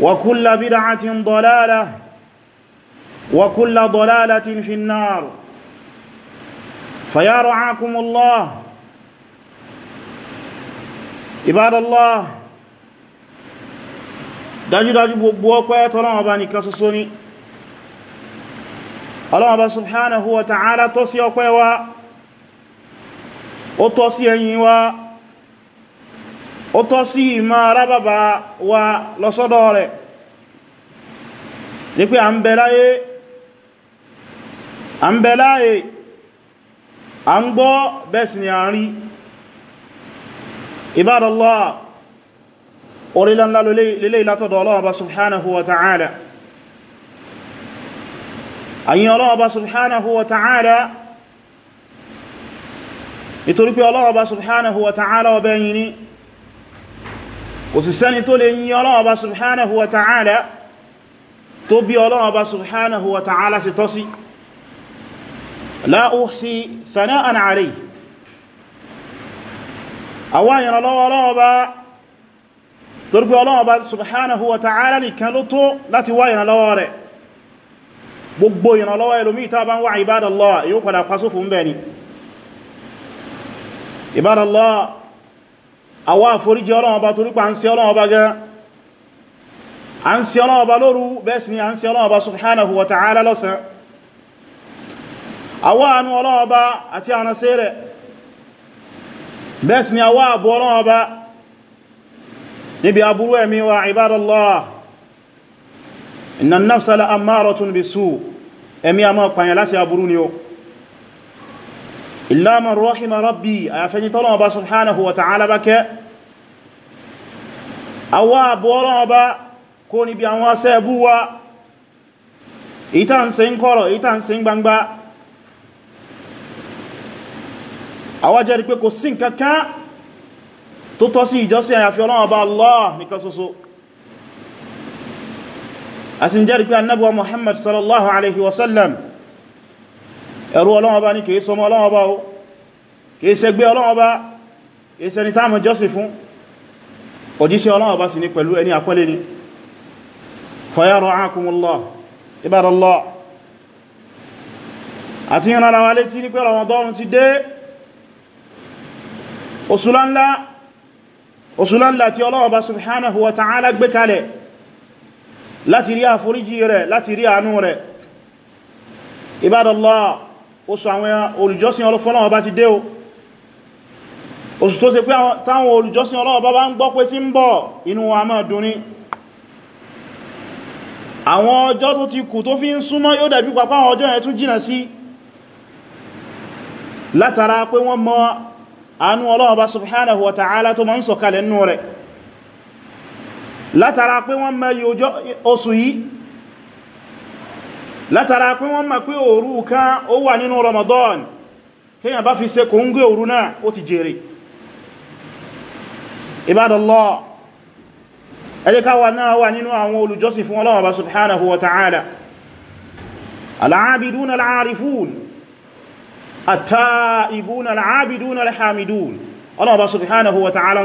وكل بدعة ضلالة وكل ضلالة في النار فيا رعاكم الله عباد الله dájúdájú gbogbo ọpẹ́ tọ́lọ́wọ́ bá nìkan ṣoṣo ni Ọlọ́hun Ọba subhanahu wa ta'ala tọ́ sí ọpẹ́ wa ó tọ́ sí ẹ̀yìn wa ó tọ́ sí ìmọ̀ arábàbà wa lọ́sọ́dọ̀ rẹ̀ ní pé à ń bẹ láyé à ń bẹ láyé à ń gbọ́ bẹ́ẹ̀ sì ni à ń rí ibadallah orílẹ̀-nlá lélé látọ̀dọ̀ ọlọ́ọ̀bá subhanahu wa ta'ala àyí ọlọ́ọ̀bá subhanahu wa ta'ala nítorí pé ọlọ́ọ̀bá subhanahu wa ta'ala ọbẹ̀yìn ni kò sì sẹ́ni tó lè yìn Ọlọ́run Ọba subhanahu wa ta'ala tó bí Ọlọ́run Ọba subhanahu wa ta'ala sì tọ́ sí la uhsi thana'an alayhi àwọn ìrànlọ́wọ́ Ọlọ́run Ọba torí pé Ọlọ́run Ọba subhanahu wa ta'ala nìkan ló tó láti wá ìrànlọ́wọ́ rẹ̀ gbogbo ìrànlọ́wọ́ ẹlòmí ta bá ń wá ibadallah àwa àforíjì ọlọ́wọ́ bá torípa à ń ṣe ọlọ́wọ́ bá gẹ́ à ń ṣe ọlọ́wọ́ bá lóru bẹ́ẹ̀ sì ni à ń ṣe ọlọ́wọ́ bá subhanahu wa lọ́sàn àwa àánú ọlọ́wọ́ bá àti ànasẹ́ rẹ̀ bẹ́ẹ̀ illa man rahima rabbi àyàfẹ́ni tọ́lọ́wọ́ bá subhanahu wa ta'ala bá kẹ́ àwọ́ àbọ́lọ́wọ́ bá kó níbi àwọn asẹ́bú wa ìta ń ṣe ń kọ̀rọ̀ ìta ń ṣe ń gbangba àwa jẹ́rìí pé kò sí nǹkankan tó tọ́ sí ìjọsìn àyàfi ẹ̀rú Ọlọ́run Ọba ní kìí sọmọ Ọlọ́run Ọba o kìí ṣẹgbẹ́ Ọlọ́run Ọba kìí ṣẹni táàmù jọ́sìn fún òjíṣẹ́ Ọlọ́run Ọba sì ní pẹ̀lú ẹni àpọ́lé ni fayara'akumullah ibadallah àti ìrànra wa létí ní pé Ramadan ti dé òṣùlánlá tí Ọlọ́run Ọba subhanahu wa ta'ala ibadallah oṣù àwọn olùjọ́sìn ọlọ́fọ́lọ́wọ́ bá ti dé o oṣù tó ṣe pé táwọn olùjọ́sìn ọlọ́wọ́ bá bá ń gbọ́ pé tí ń bọ̀ inú wa máa dùn ní àwọn ọjọ́ tó ti kù tó fi ń súnmọ́ yóò dàbí papá ọjọ́ yẹn tún jìnà sí látara pé wọ́n mọ àánú ọlọ́wọ́ látara pé wọ́n mọ̀ pé òru kan ó wà nínú Ramadan tíyàn bá fi ṣe kò ń gbé òru náà ó ti jèrè Ibadallah ẹ jẹ́ ká wà náà wà nínú àwọn olùjọ́sìn fún Ọlọ́run Ọba subhanahu wa ta'ala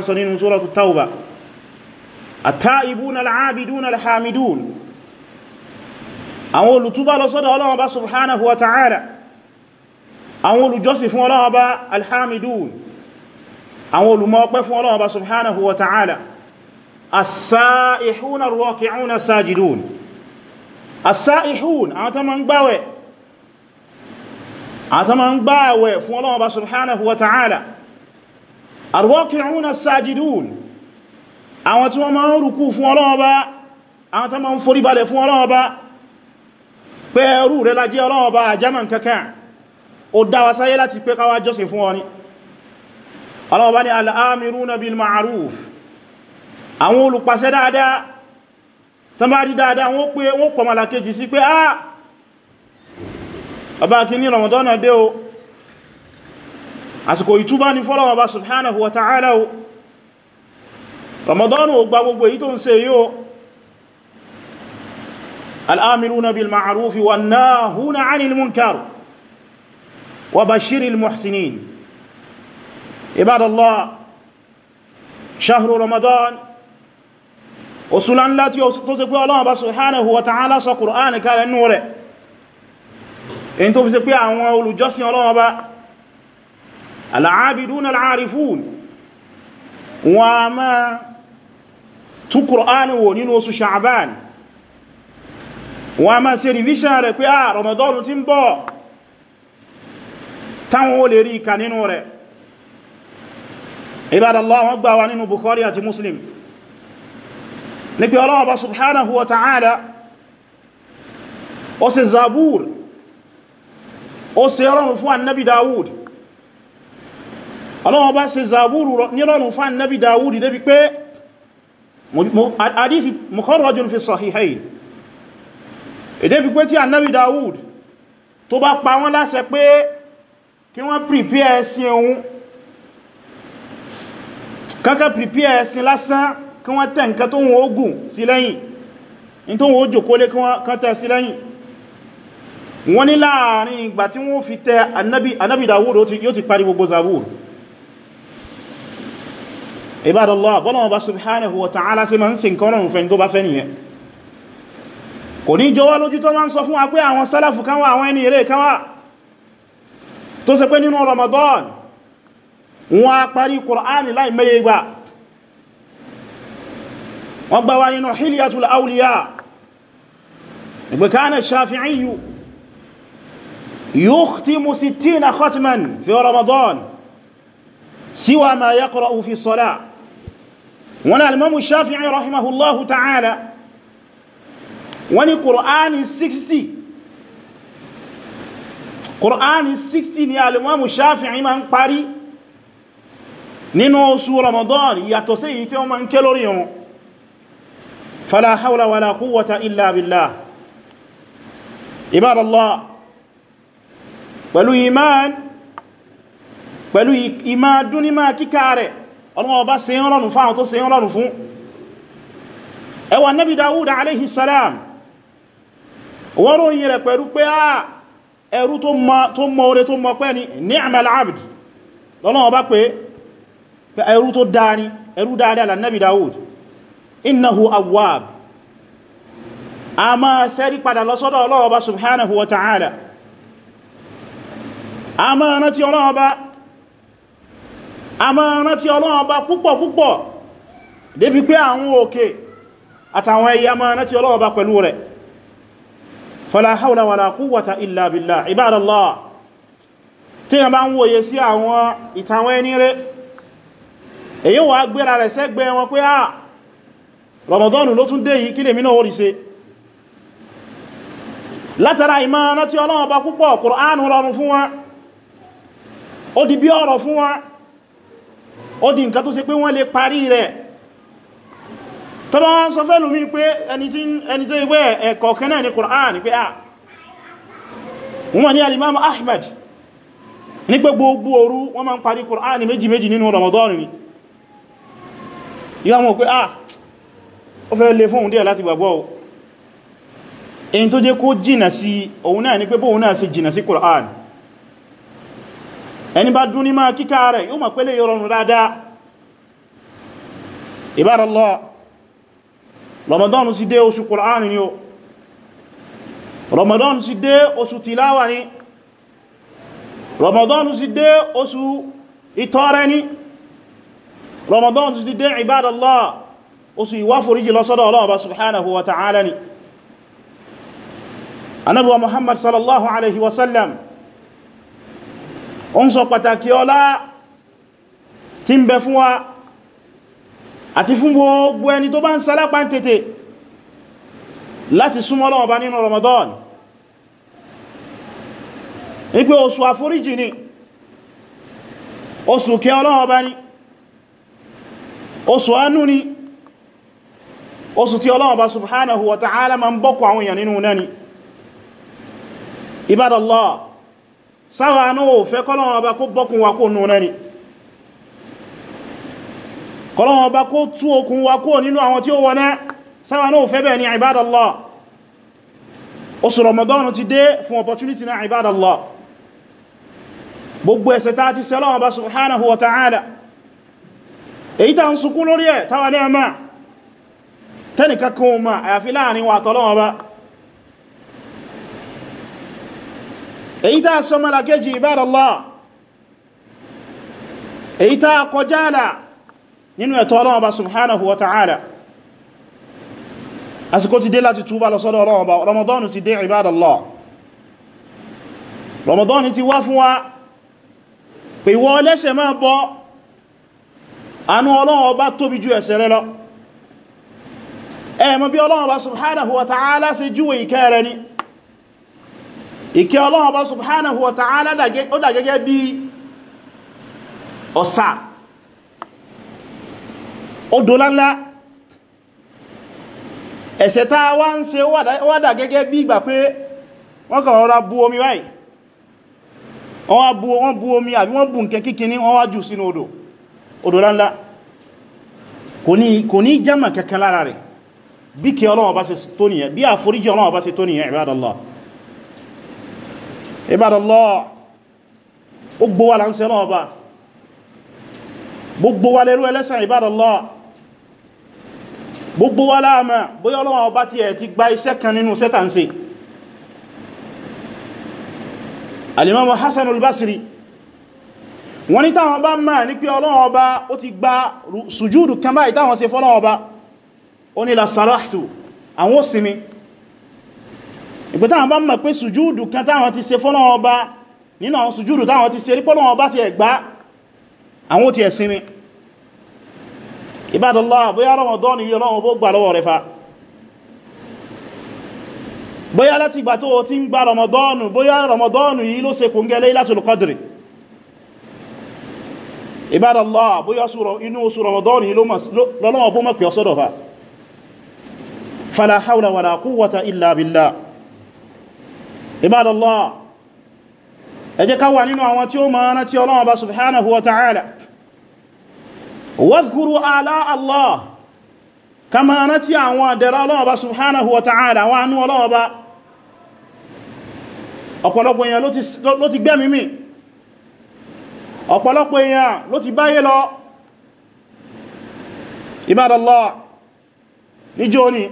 al-aabidun àwọn olùtúbá lọ sọ́dọ̀ Ọlọ́run Ọba subhanahu wa ta'ala àwọn olùjọ́sìn fún Ọlọ́run Ọba alhamidun àwọn olùmọ̀ ọpẹ́ fún Ọlọ́run Ọba subhanahu wa ta'ala as-sa'ihun ar-raki'un as-sajidun as-sa'ihun àwọn tó ma ń gbáwẹ̀ àwọn tó ma ń gbáwẹ̀ fún Ọlọ́run Ọba subhanahu wa ta'ala ar-raki'un as-sajidun àwọn tó ma ń rukú fún Ọlọ́run Ọba àwọn tó ma ń foríbalẹ̀ fún Ọlọ́run Ọba pé ẹrú rẹ̀ la jẹ́ ọlọ́wọ́ bá àjámà kankan ó dáwà sáyé láti pé káwà jọ́sìn fún ọ ní ọlọ́wọ́ bá ní al'amiruna bil ma'aruf àwọn olùpàṣẹ dáadáa tán bá rí dáadáa wọ́n pé wọ́n pọ̀ malakeji sí pé ah ọba kí ní ramadana الآمرون بالمعروف والناهون عن المنكر وبشر المحسنين عباد الله شهر رمضان وصولا لا تسقوا الله سبحانه وتعالى سو قرآن قال النور ان تفسقوا àwọn olùjọ́sìn Ọlọ́run Ọba العابدون العارفون وما تقرآن ونين شعبان wọ́n a máa ṣe revision rẹ̀ pé ah Ramadan ti ń bọ̀ táwọn ó lè rí ìkà nínú rẹ̀ Ibadallah wọ́n gbà wá nínú Bukhari àti Muslim ní pé Ọlọ́run Ọba subhanahu wa ta'ala ó ṣe Zabur ó ṣe rọrùn fún annabi Dawud Ọlọ́run Ọba ṣe Zabur ní rọrùn fún annabi Dawud débi pé hadith fi sahihayn èdè fi pé tí annabi Dawud tó bá pa wọ́n láṣẹ pé kí wọ́n prepare ẹṣin ohun kankan prepare ẹṣin lásán kí wọ́n tẹ́ nǹkan tó wọ́n ogun sí lẹ́yìn in tó wọ́n jòkó lé kí wọ́n tẹ́ sí lẹ́yìn wọ́n ní láàrin ìgbà tí wọ́n fi tẹ annabi annabi Dawud yóò ti parí gbogbo zabur ibadallah bọ́lọ̀wọ́ bá subhanahu wa ta'ala sí ma ń sin kọ́rọ̀ fẹ́ ní tó bá fẹ́ nìyẹn kò ní jọ wá lójú tó máa ń sọ fún wa pé àwọn sálàfù kan wà àwọn ẹni eré kan wà tó ṣe pé nínú Ramadan wọ́n á parí Kùránì láì mẹ́yẹ gbà wọ́n gbà wá nínú Hilyatul Awliya ìgbẹ̀ kana Shafi'iyu yukhtimu sittina khatman fi Ramadan siwa ma yaqra'u fi salah wọn al-Imam Shafi'i rahimahullahu ta'ala wọ́n ní kùránì 60 kùránì 60 ni alimamu shafi'i ma ń parí nínú oṣù ramadan yàtọ̀ sí èyí tí wọ́n ma ń ké lórí wọn fala hawla wala quwwata illa billah ibadallah pẹ̀lú iman pẹ̀lú ìmá dúnímá kíkà rẹ̀ ọlọ́wọ́ bá ṣe ń rọrùn fún wọ́n ròyìn rẹ̀ pẹ̀lú pé á ẹrú tó mọ oore tó mọ pẹ́ ni ni'mal abd lọ́lọ́wọ́ bá pé ẹrú tó dáa ni ẹrú dáadáa lànàbì Dawud awwab a máa sẹ́rí padà lọ́sọ́dọ̀ Ọlọ́hun subhanahu wa ta'ala a máa rántí Ọlọ́hun a máa rántí Ọlọ́hun púpọ̀ púpọ̀ débi pé àwọn òkè àtàwọn ẹyẹ a rántí fala hawla wala quwwata illa billah ibadallah tí a bá ń wòye sí àwọn ìtàwọn ẹni rẹ̀ èyí wà gbéra rẹ̀ sẹ́gbẹ́ wọn pé à Ramadan ló tún dé yìí kí lè mínà orí se látara ìmọ̀ ọ̀nà tí Ọlọ́run bá púpọ̀ tọba wọn sọ fẹ́lú mi pé ẹni tó ìwé ẹ̀kọ̀ kẹ́nà ní Qur'an pé à wọ́n ni al-Imam Ahmad ní pé gbogbo oru wọ́n ma ń parí Qur'an méjì méjì nínú Ramadan ni yíwa mọ̀ pé à ó fẹ́ lè láti gbàgbọ́ o èyí Qur'an ramadan sì dé oṣù Qur'an ni o ramadan sì dé oṣù tilawa ni ramadan sì dé oṣù ìtọrẹ ni ramadan sì dé ibadallah oṣù ìwá foríjì lọ́sọ́dọ̀ Ọlọ́run Ọba subhanahu wa ta'ala ni anabuwa muhammad sallallahu alaihi wasallam ó ń sọ pàtàkì ọlá tí ń bẹ wa àti fún gbogbo ẹni tó bá ń sálápá tètè láti súnmọ́ Ọlọ́run Ọba nínú Ramadan ní pé oṣù àforíjì ni oṣù kẹ́ Ọlọ́run Ọba ni oṣù àánú ni oṣù tí Ọlọ́run Ọba subhanahu wa ta'ala ma ń bọ́kọ̀ àwọn èèyàn nínú náà ni Ibadallah sáwọn àánú ò fẹ́ kọ́lọ́run Ọba kó bọ́kùn wa kó nù náà ni kọlọ́wọ́ bá kó tú okùn wa kó nínú àwọn tí ó wọ́n náà sáwà náà fẹ́ bẹ̀ ní ibadallah oṣù Ramadan ti dé fún opportunity náà ibadallah gbogbo ẹ̀ṣẹ̀ ta ti sẹ́lọ́wọ́ bá subhanahu wa ta'ala èyí ta ń sukú lórí ẹ̀ táwà ní ẹ̀mà tẹ́nìkakún ma àyàfi láàrin wa nínú ẹ̀tọ́ Ọlọ́run Ọba subhanahu wa ta'ala àsìkò ti dé láti túbà lọ sọ́dọ̀ Ọlọ́run Ọba Ramadan ti dé ibadallah Ramadan ti wá fún wa pé ìwọ ẹlẹ́ṣẹ̀ máa bọ́ àánú Ọlọ́run Ọba tóbi ju ẹ̀ṣẹ̀ rẹ lọ ẹ̀mọ̀ bí Ọlọ́run subhanahu wa ta'ala ṣe júwe ìkẹ́ rẹ ni ìkẹ́ Ọlọ́run subhanahu wa ta'ala ó dà bí ọ̀sà odò lánlá ẹ̀ṣẹ̀ tá a wá ń ṣe wádà gẹ́gẹ́ bí ìgbà pé wọ́n kàn rọra bú omi báyìí wọ́n bú omi àbí wọ́n bù nkẹ kíkiní wọ́n wá jù sínú odò odò lánlá kò ní jámà kankan lára rẹ̀ bí kí Ọlọ́run bá ṣe tó nìyẹn bí àforíjì Ọlọ́run bá ṣe tó nìyẹn ibadallah ibadallah ó gbogbo wa lẹ́rú ẹlẹ́sàn ibadallah gbogbo wa láàmà bóyá ọlọ́wọ́n ọba ti ẹ̀ ti gba iṣẹ́ kan nínú sẹ́tànsì alimamu Hasan al-Basri wọ́n ní táwọn bá máa ní pé ọlọ́wọ́n ọba ó ti gba sùjúdù kan báyìí táwọn ṣe fọ́lọ́wọ́n ọba ó ní lasarahtu àwọn ó sinmi ìpé táwọn bá mọ̀ pé sùjúdù kan táwọn ti ṣe fọ́lọ́wọ́n ọba nínú àwọn sùjúdù táwọn Ibadallah bóyá Ramadan yìí Ọlọ́run bó gbà lọ́wọ́ rẹ fa bóyá láti ìgbà tó o ti ń gba Ramadan bóyá Ramadan yìí ló ṣe kò ń gẹ Laylatul Qadr Ibadallah bóyá inú oṣù Ramadan yìí lọ́lọ́wọ́ bó mọ́pẹ̀ ọsọ́dọ̀ fa fala hawla wala quwwata illa billah Ibadallah ẹ nínú àwọn tí ó máa rántí Ọlọ́run bá subhanahu wa wadhkuru ala Allah kama rántí àwọn àdẹ̀rẹ̀ Ọlọ́run Ọba subhanahu wa ta'ala wa anú Ọlọ́run Ọba ọ̀pọ̀lọpọ̀ èèyàn ló ti gbẹ́mí mì ọ̀pọ̀lọpọ̀ èèyàn ló ti báyé lọ Ibadallah níjọ́ ní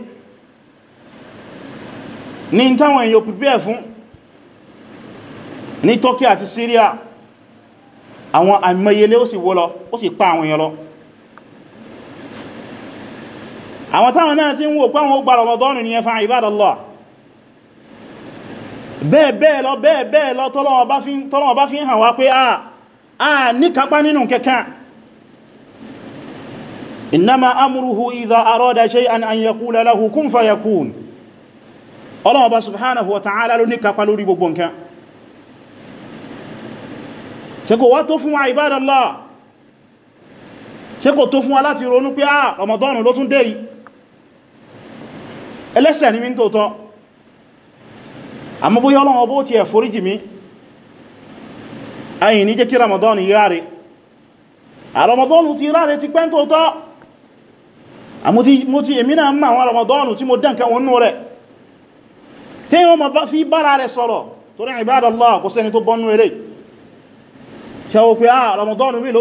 ní táwọn èèyàn pípẹ́ fún ní Turkey àti Syria àwọn àmìyẹlé ó sì wó ó sì pa àwọn èèyàn lọ àwọn táwọn náà ti ń wò pàwọn ó gba Ramadan ní ẹfà ìbádọ́lọ́ bẹ́ẹ̀ bẹ́ẹ̀ lọ bẹ́ẹ̀ bẹ́ẹ̀ lọ tọ́lọ́wọ́ bá fi ń hàn wá pé a ah, ah, ní kápá nínú kẹkàn innama amruhu idha arada shay'an an yaqula lahu kun fayakun Ọlọ́run Ọba subhanahu wa ta'ala ló ní kápá lórí gbogbo nǹkan ṣé kò tó fún wa láti ronú pé a ah, Ramadan ló tún dé yìí ẹlẹ́ṣẹ̀ ni mí tóòtọ́ àmọ́ bóyá Ọlọ́run ọbó ti ẹ̀ foríjì mi ayin ní jẹ́ kí Ramadan yá rẹ̀ Ramadan ti rá rẹ̀ ti pẹ́ tóòtọ́ àmọ́ ti èmi náà mọ̀ àwọn Ramadan tí mo dánká wọn nú rẹ̀ tí wọ́n ma fi bára rẹ̀ sọ̀rọ̀ torí Ibadallah kò sẹ́ni tó bọ́nú eré ṣẹ́wọ́ pé ah Ramadan mi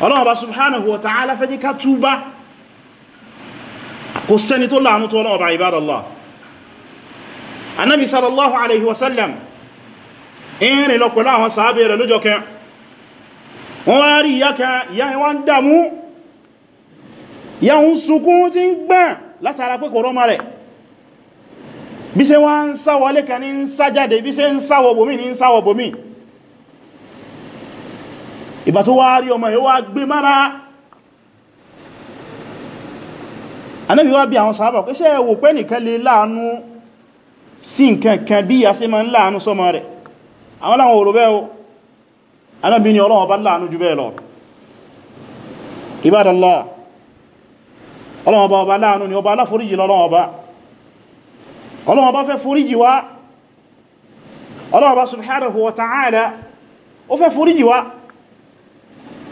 ọlọ́run bá subhanahu wa ta'ala fẹ́ jí ká túbá kò sẹ́ni tó láàánú tó ọlọ́run bá ibadallah anábi sallallahu alaihi wasallam ìrìn lọ pẹ̀lú àwọn sàábẹ̀ rẹ̀ lójọ kẹ wọ́n wá rí ìyá kan ìyá wọ́n dàmú ìyá ń sunkún ìgbà tó wá rí ọmọ yóò wá gbé mára anábi wá bí àwọn sàábà pé ṣé ẹ wò pé nìkan lè láàánú sí nǹkan kan bí ìyá ṣe máa ń láàánú sọ́mọ rẹ̀ àwọn láwọn òrò bẹ́ẹ̀ o anábi ni Ọlọ́run bá láàánú jù bẹ́ẹ̀ lọ Ibadallah Ọlọ́run ọba ọba láàánú ni ọba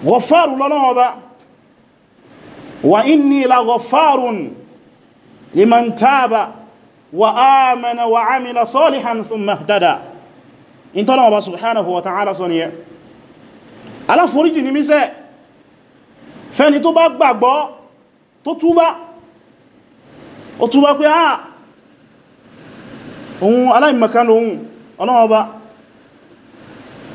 gọfàrù lọ́lọ́wọ́ bá wà inni la gọfàrùn liman taba wa amana wa amila salihan thumma ihtada in tọ́lọ́wọ́ bá subhanahu wa ta'ala sọ ni yẹ aláforíjì ni mísẹ́ fẹ́ni tó bá gbàgbọ́ tó túbá ó túbá pé ah ohun aláìmọ̀kan lóhun ọlọ́wọ́ bá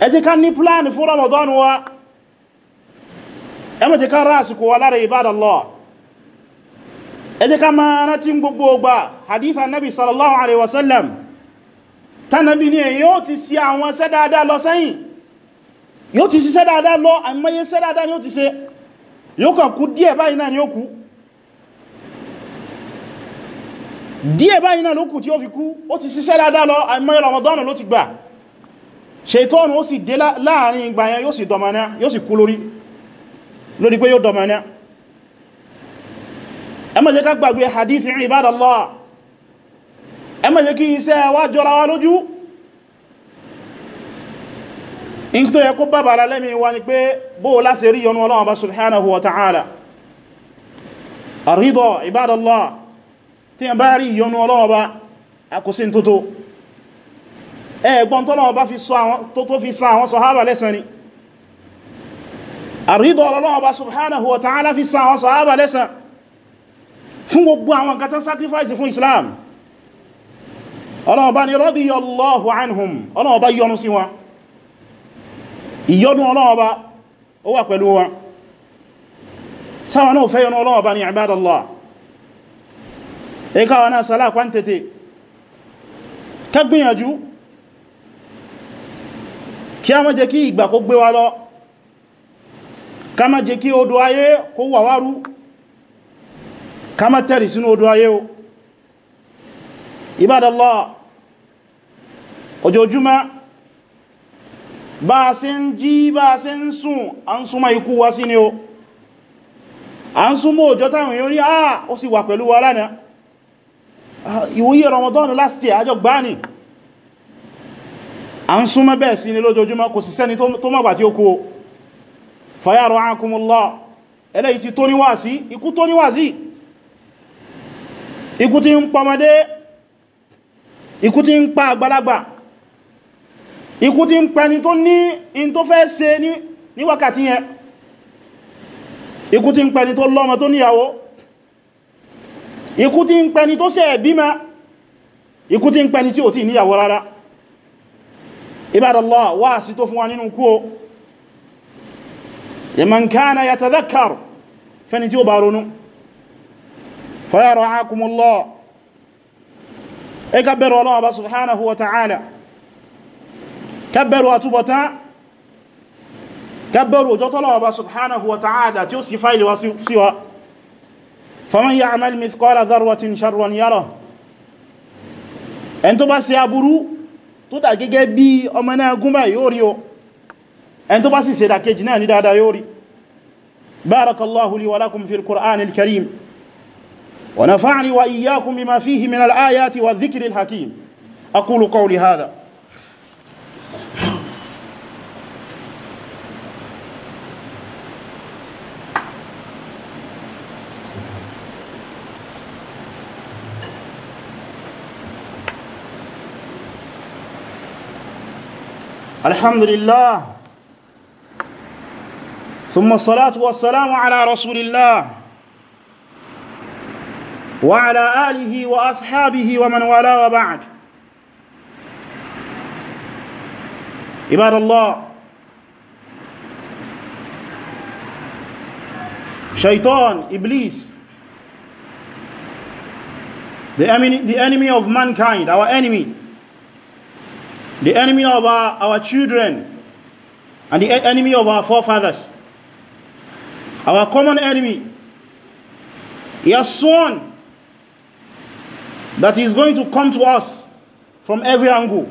ẹ jẹ́ ká ní pláàni fún Ramadan wa ẹ má jẹ́ ká ráàsì kò wà lára ibadallah ẹ jẹ́ ká máa rántí gbogbo ọgbà hadith annabi sallallahu alaihi wasallam tánàbí ni èyí ó ti sí àwọn ṣẹ́ dáadáa lọ sẹ́yìn yóò ti ṣiṣẹ́ dáadáa lọ àmọ́yé ṣẹ́ dáadáa ni ó ti ṣe yóò kàn kú díẹ̀ báyìí náà ni ó kú díẹ̀ báyìí náà ló kù tí ó fi kú ó ti ṣiṣẹ́ dáadáa lọ àmọ́yé Ramadan ló ti gbà ṣètọ́nù ó sì dé láàrin ìgbà yẹn yóò sì dọmọ̀ná yóò sì kú lórí lórí pé yóò dọmọ̀ná ẹ má jẹ́ ká gbàgbé hadithi ibadallah ẹ má jẹ́ kí iṣẹ́ wa jọra wa lójú in tó yẹ kó bàbára lẹ́mí wa ni pé bó láti rí yọnú ẹgbọ́n tó lọ́wọ́ bá tó fi san àwọn sọ̀hábà lẹ́san ni àrídọ̀ ọlọ́wọ́ bá subhanahu wa ta'ala fi san àwọn sọ̀hábà lẹ́san fún gbogbo àwọn nǹkan tán sacrifice fún Islam ọlọ́wọ́ bá ni radiyallahu anhum ọlọ́wọ́ bá yọ́nú sí wọn ìyọ́dún ọlọ́wọ́ bá ó wà pẹ̀lú wọn sáwọn náà fẹ́ kí a má jẹ́ kí ìgbà kó gbé wa lọ ká má jẹ́ kí odò ayé kó wà wárú ká má tẹ̀rì sínú odò ayé o Ibadallah ojoojúmọ́ bá a ṣe ń jí bá a ṣe ń sùn a ń súnmọ́ ikú wa sí ni o a ń súnmọ́ òjò táwọn èèyàn ní àà ó sì wà pẹ̀lú wa lánàá ìwòye Ramadan last year àjọ gbáà ni a ń súnmọ́ bẹ́ẹ̀ sí ni lójoojúmọ́ kò sì sẹ́ni tó mọ̀gbà tí ó kú fayarọ̀ akumullah eléyìí ti tó níwàásí ikú tó níwàásí ikú tí ń pọmọdé ikú tí ń pa àgbàlagbà ikú tí ń pẹni tó ní in tó fẹ́ ṣe ní wákàtí yẹn ikú tí ń pẹni tó lọ́mọ tó níyàwó ikú tí ń pẹni tó ṣẹ̀ bímọ ikú tí ń pẹni tí ò tí níyàwó rárá ibadallah wá sí tó fún wa nínú kú o liman kana yatadhakkar fẹ́ni tí ó bá ronú fa yara'akumullah ẹ ká bẹ̀rù Ọlọ́run Ọba subhanahu wa ta'ala ká bẹ̀rù àtúbọ̀tán ká bẹ̀rù ọjọ́ tọ́lọ́run Ọba subhanahu wa ta'ala tí ó sì fáìlì wá sí wa faman ya'mal mithqala dharratin sharran yarah ẹn tó bá ṣe aburú tó dà gẹ́gẹ́ bí ọmọ náà gúnbà yóò rí o ẹn tó bá sì ṣe dàkejì náà ní dáadáa yóò rí bárakallahu li wa lakum fil qur'an al-karim wa nafa'ani wa iyyakum bima fihi min wa dhikri hakim aqulu qawli hadha الحمد لله ثم الصلاة والسلام على رسول الله وعلى آله وأصحابه ومن والاه وبعد عباد الله شيطان إبليس the enemy, the enemy of mankind our enemy the enemy of our, our children and the enemy of our forefathers our common enemy he has sworn that he is going to come to us from every angle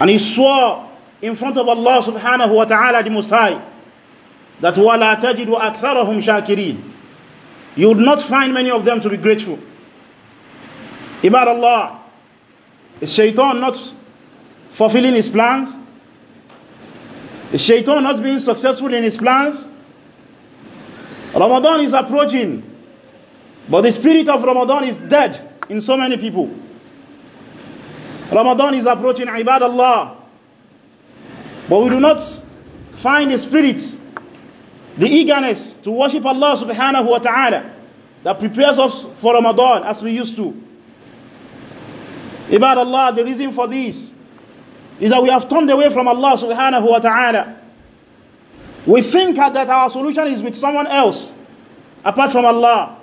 and he swore in front of Allah subhanahu wa ta'ala the Most High that وَلَا تَجِدُ أَكْثَرَهُمْ شَاكِرِينَ You would not find many of them to be grateful. Ibad Allah, shaitan not fulfilling his plans? Is shaitan not being successful in his plans? Ramadan is approaching, but the spirit of Ramadan is dead in so many people. Ramadan is approaching Ibad Allah, but we do not find the spirit, the eagerness to worship Allah subhanahu wa ta'ala that prepares us for Ramadan as we used to. Ibad Allah, the reason for this is that we have turned away from Allah subhanahu wa ta'ala. We think that our solution is with someone else apart from Allah.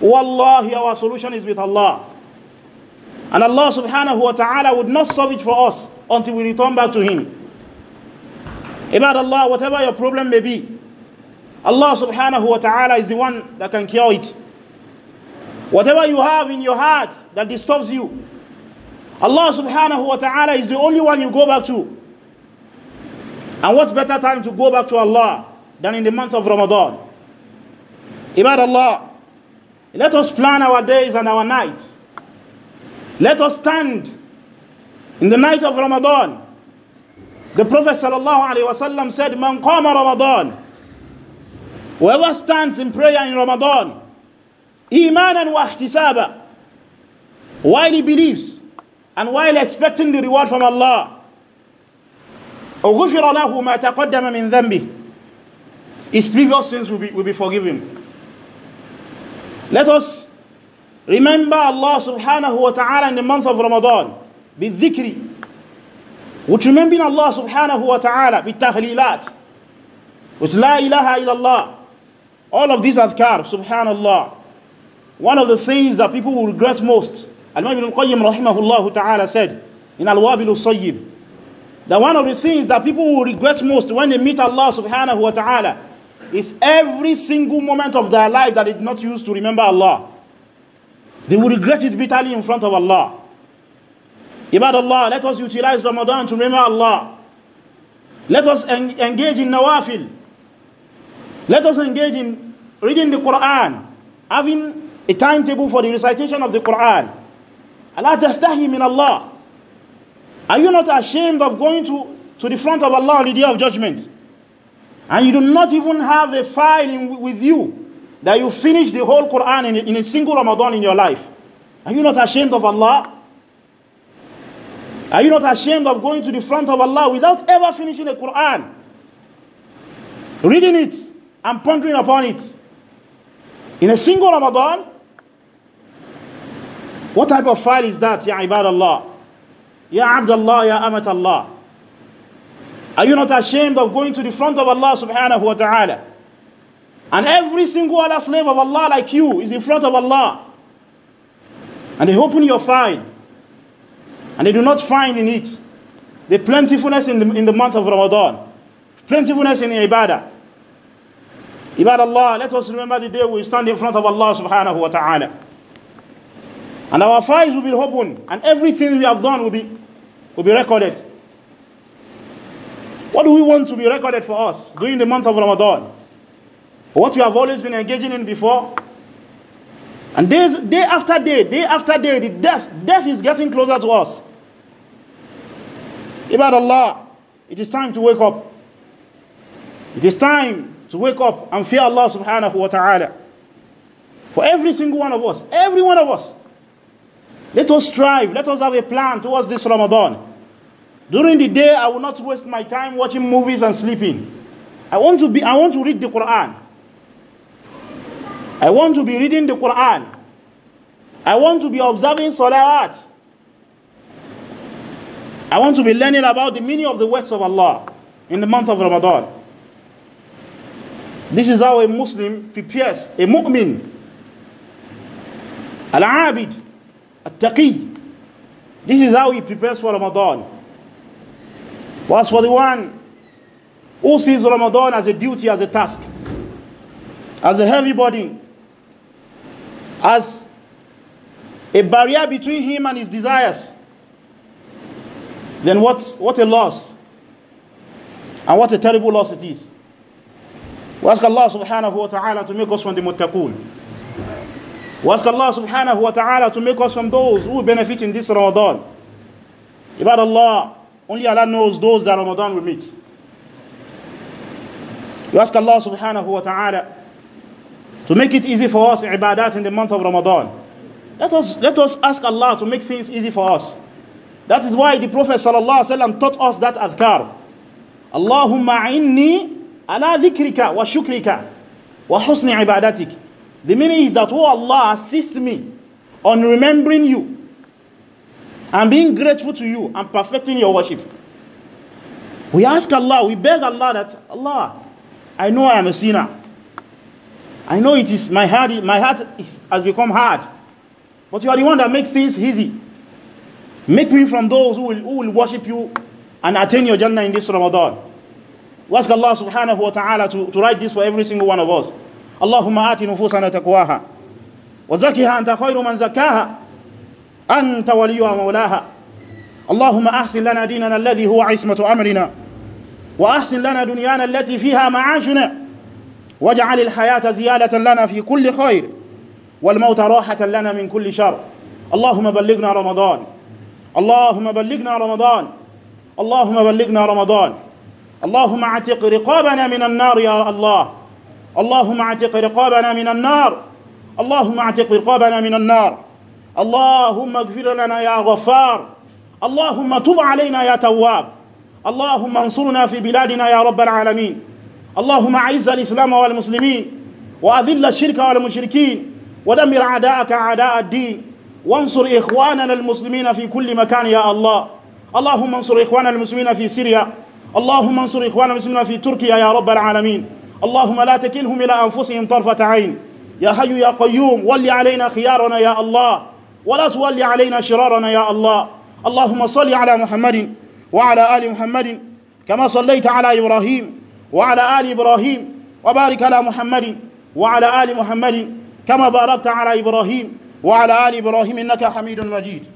Wallahi, our solution is with Allah. And Allah subhanahu wa ta'ala would not solve it for us until we return back to Him. About Allah, whatever your problem may be, Allah subhanahu wa ta'ala is the one that can cure it. Whatever you have in your heart that disturbs you, Allah subhanahu wa ta'ala is the only one you go back to. And what better time to go back to Allah than in the month of Ramadan? Ibad Allah, let us plan our days and our nights. Let us stand in the night of Ramadan. The Prophet sallallahu alaihi wasallam said, "Man qama Ramadan." Whoever stands in prayer in Ramadan, إيمانا واحتسابا While he believes and while expecting the reward from Allah. أغفر له ما تقدم من ذنبه his previous sins will be, will be forgiven. Let us remember Allah subhanahu wa ta'ala in the month of Ramadan بالذكر dhikri, with remembering Allah subhanahu wa ta'ala with tahlilat, with la ilaha illallah. All of these adhkar, subhanallah, One of the things that people will regret most, Al-Imam Ibn Qayyim rahimahullah ta'ala said in Al-Wabil Sayyib, that one of the things that people will regret most when they meet Allah subhanahu wa ta'ala is every single moment of their life that they did not use to remember Allah. They will regret it bitterly in front of Allah. Ibad Allah, let us utilize Ramadan to remember Allah. Let us en engage in nawafil. Let us engage in reading the Quran, having a timetable for the recitation of the Quran. Allah tastahi min Allah. Are you not ashamed of going to, to the front of Allah on the day of judgment? And you do not even have a file in, with you that you finish the whole Quran in, in a single Ramadan in your life. Are you not ashamed of Allah? Are you not ashamed of going to the front of Allah without ever finishing the Quran? Reading it and pondering upon it. In a single Ramadan, what type of file is that, Ya Ibadallah? Ya Abdallah, Ya Amatallah? Are you not ashamed of going to the front of Allah subhanahu wa ta'ala? And every single other slave of Allah like you is in front of Allah. And they open your file. And they do not find in it the plentifulness in the, in the month of Ramadan. Plentifulness in ibadah. Ibad Allah, let us remember the day we stand in front of Allah subhanahu wa ta'ala. And our files will be open and everything we have done will be, will be recorded. What do we want to be recorded for us during the month of Ramadan? What we have always been engaging in before? And days, day after day, day after day, the death, death is getting closer to us. Ibad Allah, it is time to wake up. It is time to wake up and fear Allah subhanahu wa ta'ala. For every single one of us, every one of us, let us strive. Let us have a plan towards this Ramadan. During the day, I will not waste my time watching movies and sleeping. I want to be I want to read the Quran. I want to be reading the Quran. I want to be observing salawat. I want to be learning about the meaning of the words of Allah in the month of Ramadan. This is how a Muslim prepares, a mu'min, al-abid, at-taqi. This is how he prepares for Ramadan. As for the one who sees Ramadan as a duty, as a task, as a heavy burden, as a barrier between him and his desires, then what, what a loss. And what a terrible loss it is. We ask Allah subhanahu wa ta'ala to make us from the muttaqoon. We ask Allah subhanahu wa ta'ala to make us from those who benefit in this Ramadan. Ibad Allah, only Allah knows those that Ramadan will meet. We ask Allah subhanahu wa ta'ala to make it easy for us ibadat in the month of Ramadan. Let us, let us ask Allah to make things easy for us. That is why the Prophet sallallahu alaihi wasallam taught us that adhkar. Allahumma inni ala dhikrika wa shukrika wa husni ibadatik. The meaning is that, oh Allah, assist me on remembering you and being grateful to you and perfecting your worship. We ask Allah, we beg Allah that, Allah, I know I am a sinner. I know it is my heart, my heart is, has become hard. But you are the one that makes things easy. Make me from those who will, who will worship you and attain your Jannah in this Ramadan. We ask Allah subhanahu wa ta'ala to, to write this for every single one of us. اللهم آت نفوسنا تقواها وزكها أنت خير من زكاها أنت وليها مولاها اللهم أحسن لنا ديننا الذي هو عصمة أمرنا وأحسن لنا دنيانا التي فيها معاشنا واجعل الحياة زيادة لنا في كل خير والموت راحة لنا من كل شر اللهم بلغنا رمضان اللهم بلغنا رمضان اللهم بلغنا رمضان اللهم اعتق رقابنا من النار يا الله اللهم اعتق رقابنا من النار اللهم اعتق رقابنا من النار اللهم اغفر لنا يا غفار اللهم تب علينا يا تواب اللهم انصرنا في بلادنا يا رب العالمين اللهم اعز الإسلام والمسلمين وأذل الشرك والمشركين ودمر أعداءك أعداء الدين وانصر إخواننا المسلمين في كل مكان يا الله اللهم انصر إخواننا المسلمين في سوريا اللهم انصر إخواننا المسلمين في تركيا يا رب العالمين اللهم لا تكلهم إلى أنفسهم طرفة عين يا حي يا قيوم ولي علينا خيارنا يا الله ولا تولي علينا شرارنا يا الله اللهم صل على محمد وعلى آل محمد كما صليت على إبراهيم وعلى آل إبراهيم وبارك على محمد وعلى آل محمد كما باركت على إبراهيم وعلى آل إبراهيم إنك حميد مجيد